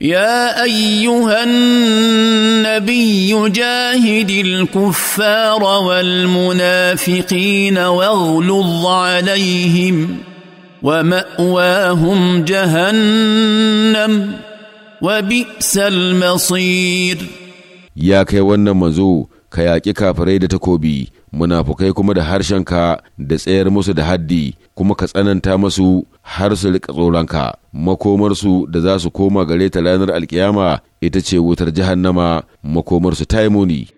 يا ايها النبي جاهد الكفار والمنافقين واغلظ عليهم وماواهم جهنم وبئس المصير يا كي wannan manzo ka yaƙi kafirai da takobi munafukai kuma da harshenka da tsayar musu da haddi kuma ka tsananta masu har su riƙa tsoronka makomarsu da za su koma gare ta ranar alkiyama ita ce wutar jahannama makomarsu ta